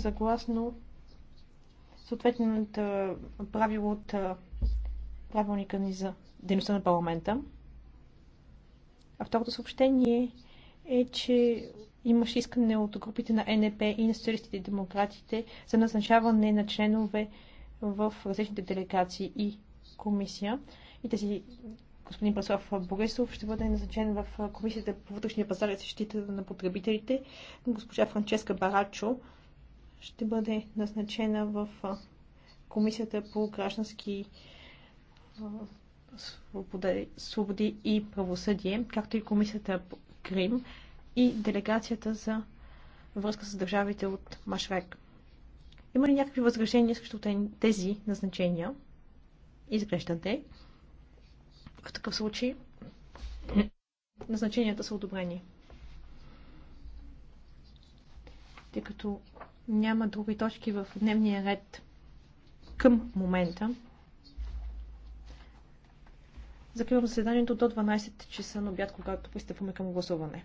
съгласно съответното правило от правилника ни за дейността на парламента. А второто съобщение е, че имаше искане от групите на НП и на социалистите и демократите за назначаване на членове в различните делегации и комисия. И тези господин Паслав Борисов ще бъде назначен в Комисията по вътрешния пазар и защита на потребителите. Госпожа Франческа Барачо ще бъде назначена в Комисията по граждански свободи, и правосъдие, както и Комисията по Крим и Делегацията за връзка с държавите от Машрек. Има ли някакви възражения срещу тези назначения? Изглеждате. В такъв случай назначенията са одобрени. тъй като няма други точки в дневния ред към момента. Закривам заседанието до 12 часа на обяд, когато пристъпваме към гласуване.